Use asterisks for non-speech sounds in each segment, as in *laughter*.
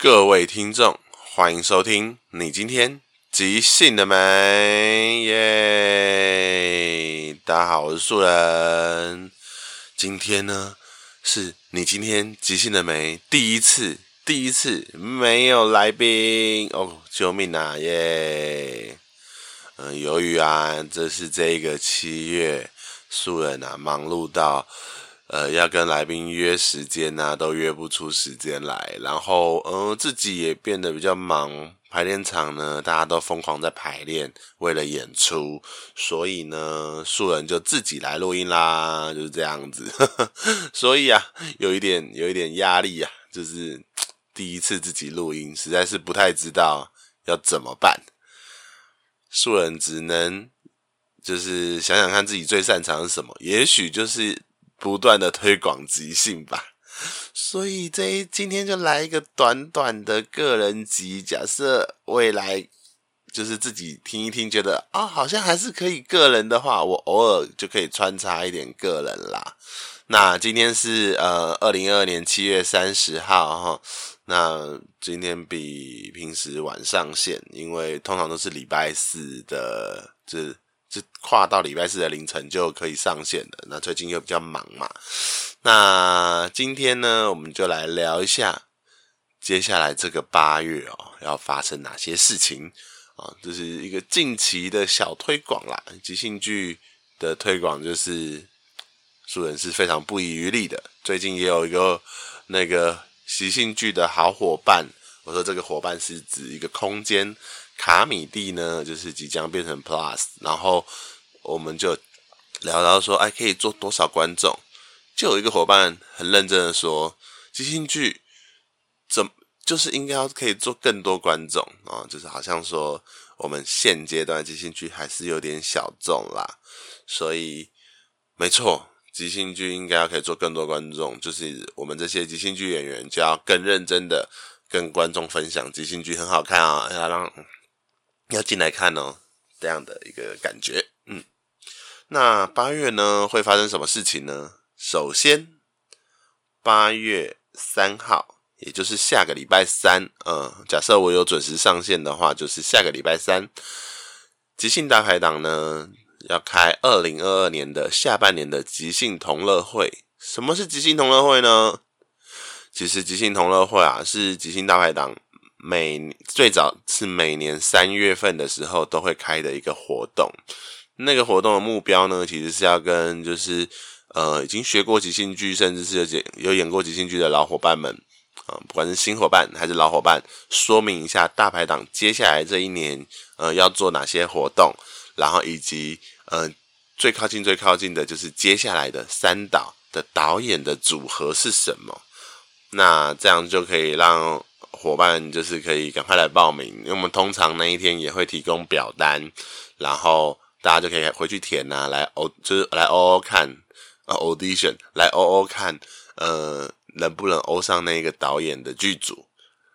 各位聽眾，歡迎收聽你今天即興了沒耶、yeah！大家好，我是素人。今天呢，是你今天即興了沒？第一次，第一次沒有來賓哦，oh, 救命啊耶、yeah！嗯，由於啊，這是這個七月，素人啊忙碌到呃，要跟來賓約時間啊，都約不出時間來。然後，嗯、呃，自己也變得比較忙。排練場呢，大家都瘋狂在排練，為了演出。所以呢，素人就自己來錄音啦，就是這樣子呵呵。所以啊，有一點，有一點壓力啊，就是第一次自己錄音，實在是不太知道要怎麼辦。素人只能就是想想看自己最擅長是什麼，也許就是。不斷的推廣即興吧，所以這一今天就來一個短短的個人集。假設未來就是自己聽一聽，覺得啊，好像還是可以個人的話，我偶爾就可以穿插一點個人啦。那今天是呃二零二二年七月三十號哈，那今天比平時晚上線，因為通常都是禮拜四的這、就是。是跨到禮拜四的凌晨就可以上線了。那最近又比較忙嘛，那今天呢，我們就來聊一下接下來這個八月哦，要發生哪些事情啊？這是一個近期的小推廣啦，即興劇的推廣就是素人是非常不遺餘力的。最近也有一個那個即興劇的好夥伴，我說這個夥伴是指一個空間。卡米地呢，就是即將變成 Plus，然後我們就聊到說，哎，可以做多少觀眾？就有一個夥伴很認真的說，即興劇怎麼就是應該要可以做更多觀眾啊、哦，就是好像說我們現階段即興劇還是有點小眾啦，所以沒錯，即興劇應該要可以做更多觀眾，就是我們這些即興劇演員就要更認真的跟觀眾分享即興劇很好看啊、哦，要讓。要進來看哦，這樣的一個感覺，嗯，那八月呢，會發生什麼事情呢？首先，八月三號，也就是下個禮拜三，嗯、呃，假設我有準時上線的話，就是下個禮拜三，即興大排檔呢要開二零二二年的下半年的即興同樂會。什麼是即興同樂會呢？其實即興同樂會啊，是即興大排檔。每最早是每年三月份的時候都會開的一個活動，那個活動的目標呢，其實是要跟就是呃已經學過即興劇，甚至是有演有演過即興劇的老夥伴們啊、呃，不管是新夥伴還是老夥伴，說明一下大排檔接下來這一年呃要做哪些活動，然後以及呃最靠近最靠近的就是接下來的三島的導演的組合是什麼，那這樣就可以讓。夥伴就是可以趕快來報名，因為我們通常那一天也會提供表單，然後大家就可以回去填啊，來哦，就是來哦哦看啊，audition 來哦哦看，呃，能不能哦上那個導演的劇組？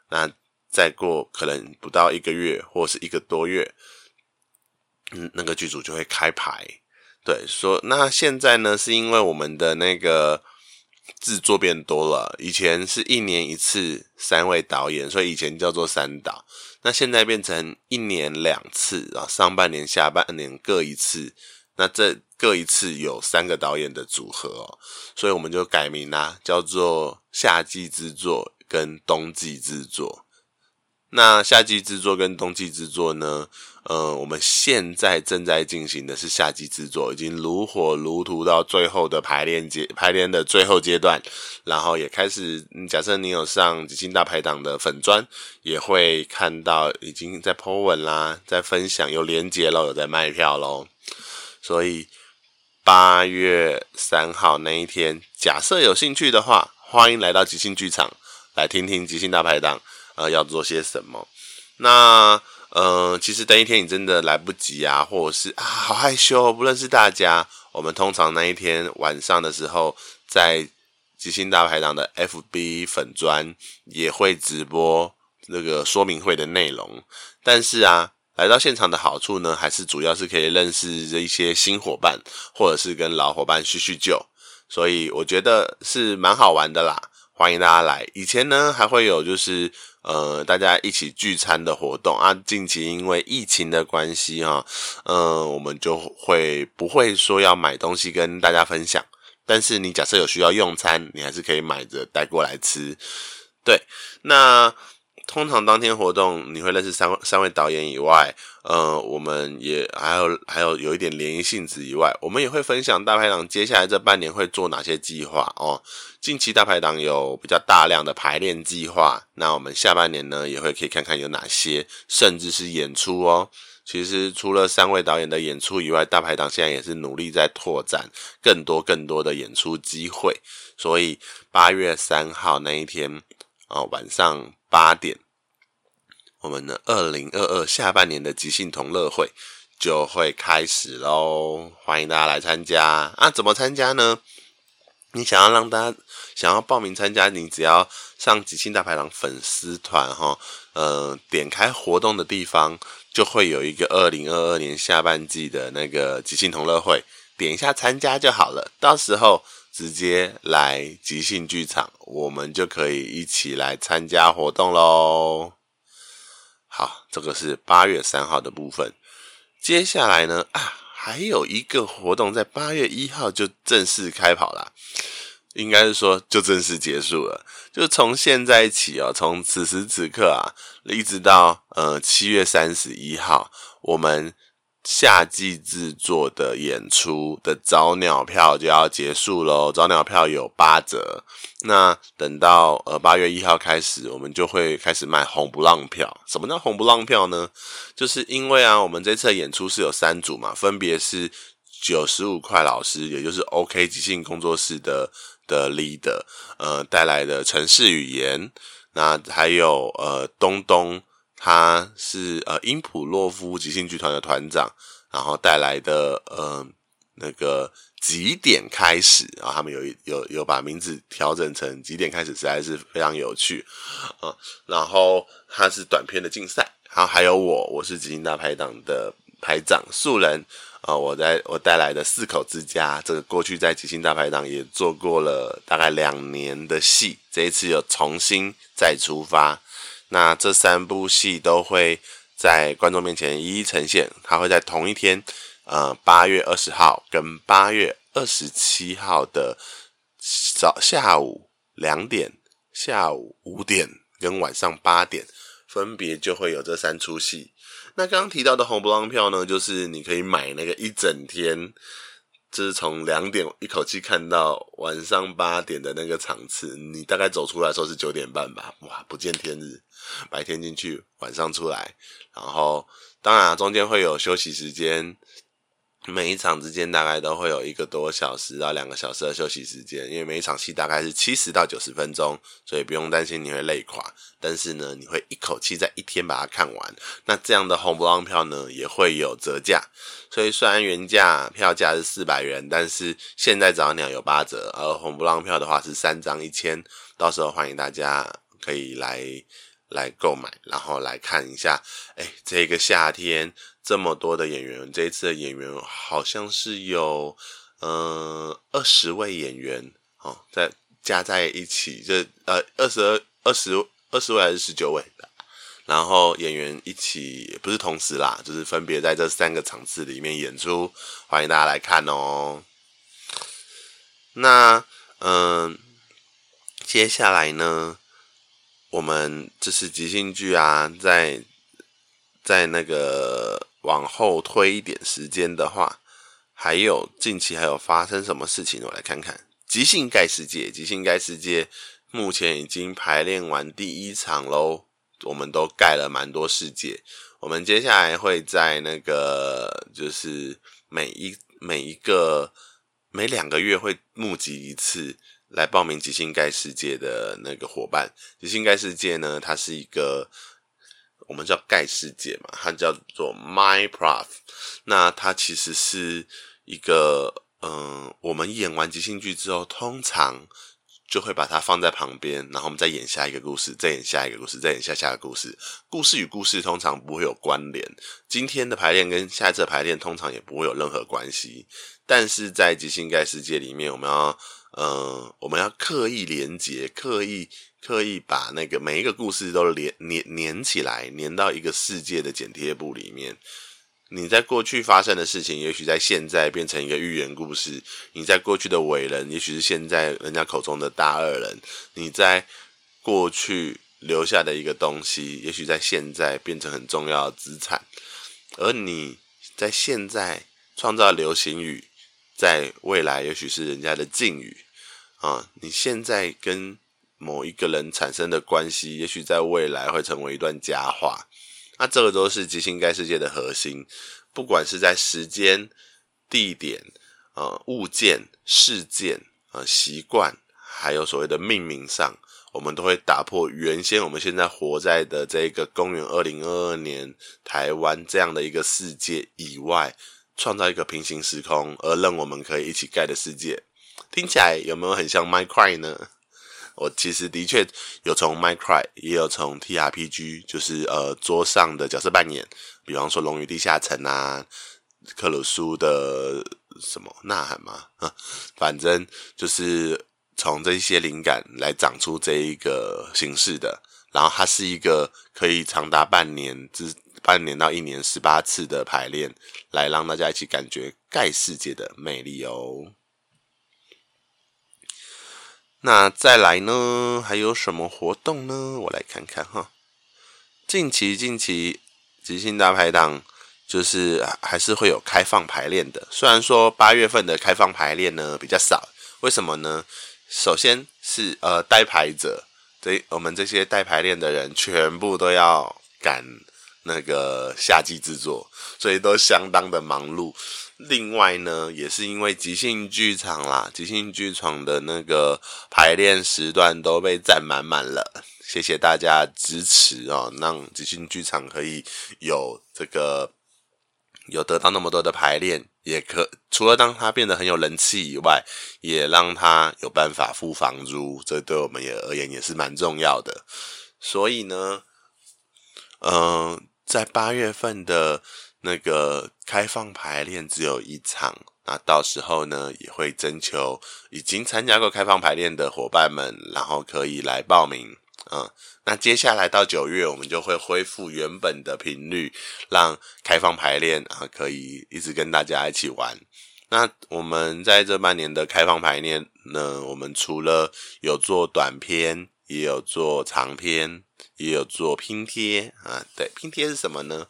那再過可能不到一個月，或是一個多月，嗯，那個劇組就會開排。對，說那現在呢，是因為我們的那個。製作變多了，以前是一年一次三位導演，所以以前叫做三導。那現在變成一年兩次，啊，上半年、下半年各一次。那這各一次有三個導演的組合哦，所以我們就改名啦、啊，叫做夏季製作跟冬季製作。那夏季製作跟冬季製作呢？嗯、呃，我們現在正在進行的是夏季製作，已經如火如荼到最後的排練階排練的最後階段，然後也開始、嗯、假設你有上《即興大排檔》的粉專，也會看到已經在 po 文啦，在分享有連結咯，有在賣票咯。所以八月三號那一天，假設有興趣的話，歡迎來到即興劇場來聽聽《即興大排檔》呃要做些什麼，那。嗯、呃，其實等一天你真的來不及啊，或者是啊，好害羞不認識大家。我們通常那一天晚上的時候，在即興大排檔的 FB 粉專也會直播那個說明會的內容。但是啊，來到現場的好處呢，還是主要是可以認識一些新夥伴，或者是跟老夥伴敘敘舊。所以我覺得是蠻好玩的啦。歡迎大家來。以前呢，還會有就是呃大家一起聚餐的活動啊。近期因為疫情的關係啊，呃，我們就會不會說要買東西跟大家分享。但是你假設有需要用餐，你還是可以買着帶過來吃。對，那通常當天活動你會認識三位三位導演以外。呃，我們也還有還有有一點聯誼性質以外，我們也會分享大排檔接下來這半年會做哪些計劃哦。近期大排檔有比較大量的排練計劃，那我們下半年呢也會可以看看有哪些，甚至是演出哦。其實除了三位導演的演出以外，大排檔現在也是努力在拓展更多更多的演出機會。所以八月三號那一天啊，哦，晚上八點。我們的二零二二下半年的即興同樂會就會開始嘍，歡迎大家來參加啊！怎麼參加呢？你想要讓大家想要報名參加，你只要上即興大排檔粉絲團哈，呃，點開活動的地方就會有一個二零二二年下半季的那個即興同樂會，點一下參加就好了。到時候直接來即興劇場，我們就可以一起來參加活動嘍。好，這個是八月三號的部分。接下來呢啊，還有一個活動在八月一號就正式開跑啦啊。應該是說就正式結束了。就從現在起哦，從此時此刻啊，一直到呃七月三十一號，我們。夏季製作的演出的早鳥票就要結束嘍，早鳥票有八折。那等到呃八月一號開始，我們就會開始賣紅不浪票。什麼叫紅不浪票呢？就是因為啊，我們這次演出是有三組嘛，分別是九十五塊老師，也就是 OK 即興工作室的的 leader，呃帶來的城市語言，那還有呃東東。他是呃，因普洛夫即興劇團的團長，然後帶來的呃那個幾點開始，啊，他們有有有把名字調整成幾點開始，實在是非常有趣啊。然後他是短片的競賽，然後，啊，還有我，我是即興大排檔的排長素人啊。我在我帶來的四口之家，這個過去在即興大排檔也做過了大概兩年的戲，這一次又重新再出發。那這三部戲都會在觀眾面前一一呈現，它會在同一天，呃，八月二十號跟八月二十七號的早下午兩點、下午五點跟晚上八點，分別就會有這三出戲。那剛剛提到的紅布朗票呢，就是你可以買那個一整天，就是從兩點一口氣看到晚上八點的那個場次，你大概走出來時候是九點半吧？哇，不見天日，白天進去，晚上出來，然後當然啊，中間會有休息時間。每一場之間大概都會有一個多小時到兩個小時的休息時間，因為每一場戲大概是七十到九十分鐘，所以不用擔心你會累垮。但是呢，你會一口氣在一天把它看完。那這樣的紅不讓票呢，也會有折價，所以雖然原價票價是四百元，但是現在早鳥有有八折。而紅不讓票的話是三張一千，到時候歡迎大家可以來來購買，然後來看一下。哎，這個夏天這麼多的演員，這一次的演員好像是有，嗯、呃，二十位演員哦，在加在一起，這呃，二十二二十二十位還是十九位的？然後演員一起，也不是同時啦，就是分別在這三個場次裡面演出，歡迎大家來看哦。那嗯、呃，接下來呢？我們這是即興劇啊，在在那個往後推一點時間的話，還有近期還有發生什麼事情？我來看看《即興蓋世界》。《即興蓋世界》目前已經排練完第一場咯，我們都蓋了蠻多世界。我們接下來會在那個就是每一每一個每兩個月會募集一次。來報名即興蓋世界的那個夥伴，即興蓋世界呢，它是一個我們叫蓋世界嘛，它叫做 My Proth。那它其實是一個，嗯、呃，我們演完即興劇之後，通常就會把它放在旁邊，然後我們再演下一個故事，再演下一個故事，再演下下個故事。故事與故事通常不會有關聯，今天的排練跟下一次的排練通常也不會有任何關係。但是在即興蓋世界裡面，我們要。呃，我們要刻意連接，刻意刻意把那個每一個故事都連粘起來，粘到一個世界的剪貼簿裡面。你在過去發生的事情，也許在現在變成一個寓言故事；你在過去的偉人，也許是現在人家口中的大惡人；你在過去留下的一個東西，也許在現在變成很重要的資產。而你在現在創造流行語，在未來也許是人家的禁語。啊、嗯，你現在跟某一個人產生的關係，也許在未來會成為一段佳話。那、啊、這個都是即興蓋世界的核心，不管是在時間、地點、呃，物件、事件、呃，習慣，還有所謂的命名上，我們都會打破原先我們現在活在的這個公元二零二二年台灣這樣的一個世界以外，創造一個平行時空，而讓我們可以一起蓋的世界。聽起來有沒有很像《麥塊》呢？我其實的確有從《麥塊》，也有從 TRPG，就是呃桌上的角色扮演，比方說《龍與地下城》啊，《克魯蘇的什麼吶喊嗎》嗎？反正就是從這些靈感來長出這一個形式的。然後它是一個可以長達半年至半年到一年十八次的排練，來讓大家一起感覺蓋世界的魅力哦。那再來呢？還有什麼活動呢？我來看看哈。近期，近期即興大排檔就是、啊、還是會有開放排練的。雖然說八月份的開放排練呢比較少，為什麼呢？首先是呃帶排者，對，我們這些帶排練的人全部都要趕那個夏季製作，所以都相當的忙碌。另外呢，也是因為即興劇場啦，即興劇場的那個排練時段都被占滿滿了。謝謝大家支持哦，讓即興劇場可以有這個有得到那麼多的排練，也可除了讓它變得很有人氣以外，也讓他有辦法付房租，這對我們也而言也是蠻重要的。所以呢，嗯、呃，在八月份的，那個開放排練只有一場，那到時候呢，也會徵求已經參加過開放排練的夥伴們，然後可以來報名啊。那接下來到九月，我們就會恢復原本的頻率，讓開放排練啊可以一直跟大家一起玩。那我們在這半年的開放排練呢，我們除了有做短篇，也有做長篇，也有做拼貼啊。對，拼貼是什麼呢？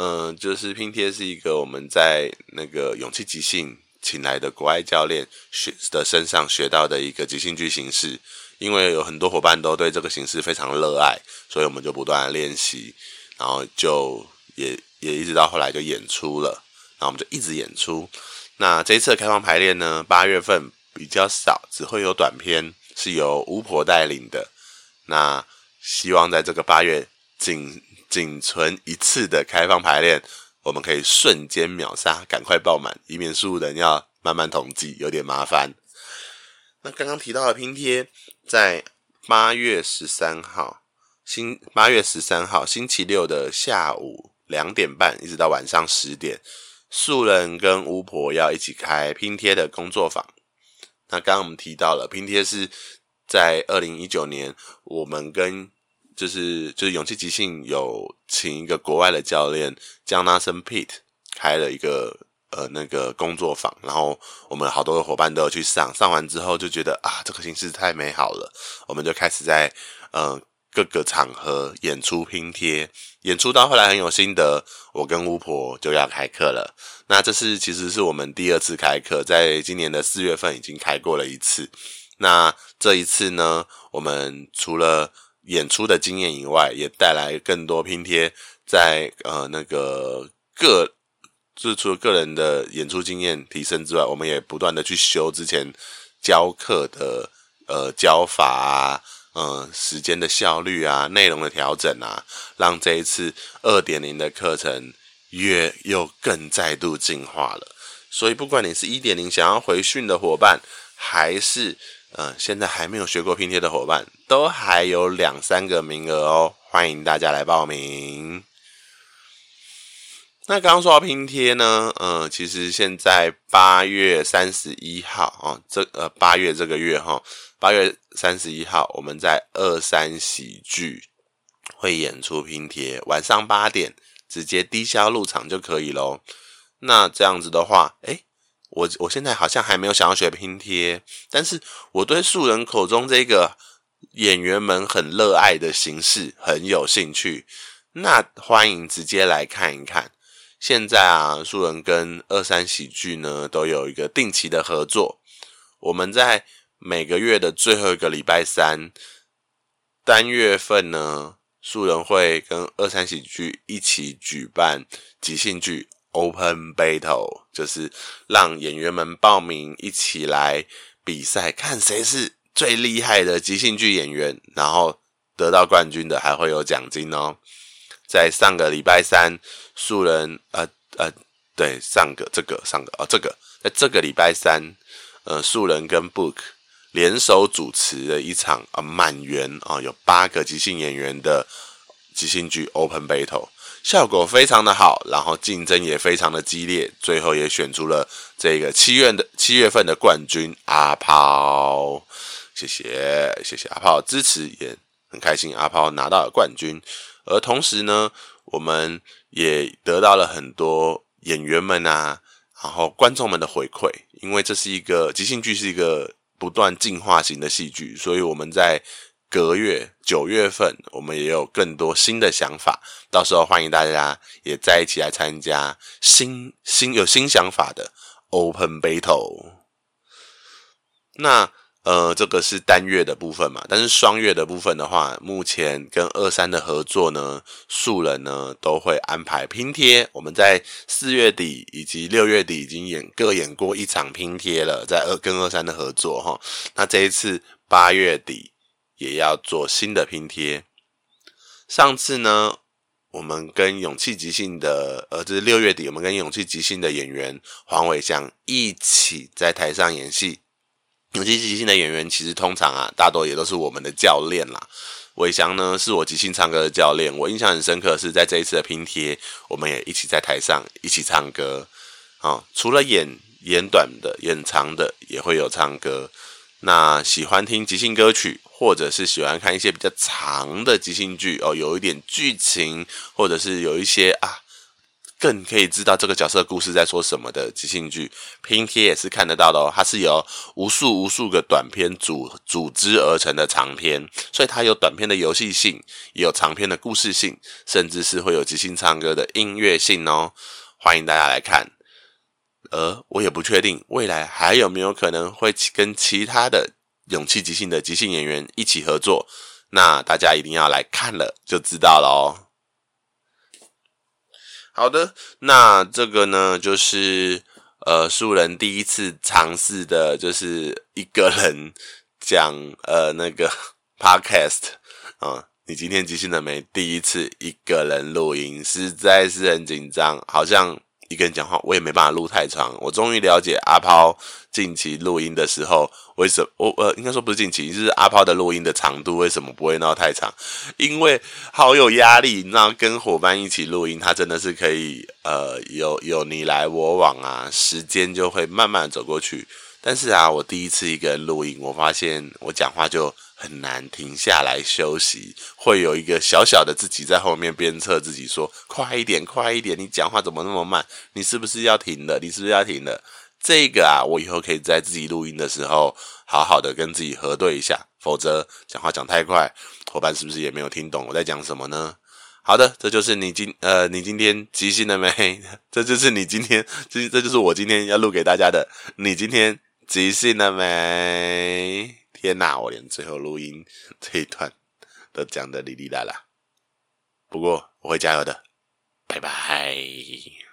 嗯，就是拼貼是一個我們在那個勇氣即興請來的國外教練學的身上學到的一個即興劇形式，因為有很多夥伴都對這個形式非常熱愛，所以我們就不斷的練習，然後就也也一直到後來就演出了，那我們就一直演出。那這一次的開放排練呢，八月份比較少，只會有短片，是由巫婆帶領的。那希望在這個八月進。僅存一次的開放排練，我們可以瞬間秒殺，趕快爆滿，以免素人要慢慢統計，有點麻煩。那剛剛提到的拼貼，在八月十三號星、八月十三號星期六的下午兩點半，一直到晚上十點，素人跟巫婆要一起開拼貼的工作坊。那剛剛我們提到了拼貼是在二零一九年，我們跟就是就是勇氣即興有請一個國外的教練 Jonathan Pitt 開了一個呃那個工作坊，然後我們好多夥伴都有去上，上完之後就覺得啊，這個形式太美好了，我們就開始在呃各個場合演出拼貼，演出到後來很有心得，我跟巫婆就要開課了。那這是其實是我們第二次開課，在今年的四月份已經開過了一次，那這一次呢，我們除了演出的經驗以外，也帶來更多拼貼。在呃那個個，就除了個人的演出經驗提升之外，我們也不斷的去修之前教課的呃教法啊，嗯、呃、時間的效率啊，內容的調整啊，讓這一次二點零的課程越又更再度進化了。所以，不管你是一點零想要回訓的夥伴，還是。嗯、呃，現在還沒有學過拼貼的夥伴，都還有兩三個名額哦，歡迎大家來報名。那剛剛說到拼貼呢，嗯、呃，其實現在八月三十一號啊、哦，這呃八月這個月哈，哦、八月三十一號，我們在二三喜劇會演出拼貼，晚上八點直接低消入場就可以嘍。那這樣子的話，誒，我我現在好像還沒有想要學拼貼，但是我對素人口中這個演員們很熱愛的形式很有興趣。那歡迎直接來看一看。現在啊，素人跟二三喜劇呢都有一個定期的合作，我們在每個月的最後一個禮拜三，單月份呢，素人會跟二三喜劇一起舉辦即興劇 Open Battle 就是讓演員們報名一起來比賽，看誰是最厲害的即興劇演員，然後得到冠軍的還會有獎金哦。在上個禮拜三，素人呃呃，對，上個這個上個哦這個在這個禮拜三，呃，素人跟 Book 聯手主持了一場啊滿員啊有八個即興演員的即興劇 Open Battle。效果非常的好，然後競爭也非常的激烈，最後也選出了這個七月的七月份的冠軍阿炮，謝謝謝謝阿炮的支持，也很開心阿炮拿到了冠軍，而同時呢，我們也得到了很多演員們啊，然後觀眾們的回饋，因為這是一個，即興劇是一個不斷進化型的戲劇，所以我們在。隔月九月份，我們也有更多新的想法，到時候歡迎大家也在一起來參加新新有新想法的 Open Battle。那呃，這個是單月的部分嘛，但是雙月的部分的話，目前跟二三的合作呢，素人呢都會安排拼貼。我們在四月底以及六月底已經演各演過一場拼貼了，在二跟二三的合作哈、哦。那這一次八月底。也要做新的拼貼。上次呢，我們跟勇氣即興的，呃，這、就是六月底，我們跟勇氣即興的演員黃偉翔一起在台上演戲。勇氣即興的演員其實通常啊，大多也都是我們的教練啦。偉翔呢，是我即興唱歌的教練。我印象很深刻是，在這一次的拼貼，我們也一起在台上一起唱歌。啊、哦，除了演演短的，演長的也會有唱歌。那喜歡聽即興歌曲，或者是喜歡看一些比較長的即興劇哦，有一點劇情，或者是有一些啊，更可以知道這個角色故事在說什麼的即興劇拼貼也是看得到的哦，它是由無數無數個短片組組織而成的長篇，所以它有短片的遊戲性，也有長篇的故事性，甚至是會有即興唱歌的音樂性哦，歡迎大家來看。而、呃、我也不確定未來還有沒有可能會跟其他的。勇氣即興的即興演員一起合作，那大家一定要來看了就知道了哦。好的，那這個呢，就是呃，素人第一次嘗試的，就是一個人講呃那個 podcast 啊。你今天即興了沒？第一次一個人錄音，實在是很緊張，好像。一個人講話，我也沒辦法錄太長。我終於了解阿拋近期錄音的時候，為什麼我呃，應該說不是近期，就是阿拋的錄音的長度為什麼不會鬧太長？因為好有壓力。然後跟夥伴一起錄音，他真的是可以呃，有有你來我往啊，時間就會慢慢走過去。但是啊，我第一次一個人錄音，我發現我講話就。很難停下來休息，會有一個小小的自己在後面鞭策自己說：“快一點，快一點！你講話怎麼那麼慢？你是不是要停了？你是不是要停了？”這個啊，我以後可以在自己錄音的時候，好好的跟自己核對一下，否則講話講太快，伙伴是不是也沒有聽懂我在講什麼呢？好的，這就是你今呃，你今天即興了沒？ *laughs* 這就是你今天，這這就是我今天要錄給大家的。你今天即興了沒？天吶，我連最後錄音這一段都講得哩哩啦啦。不過我會加油的，拜拜。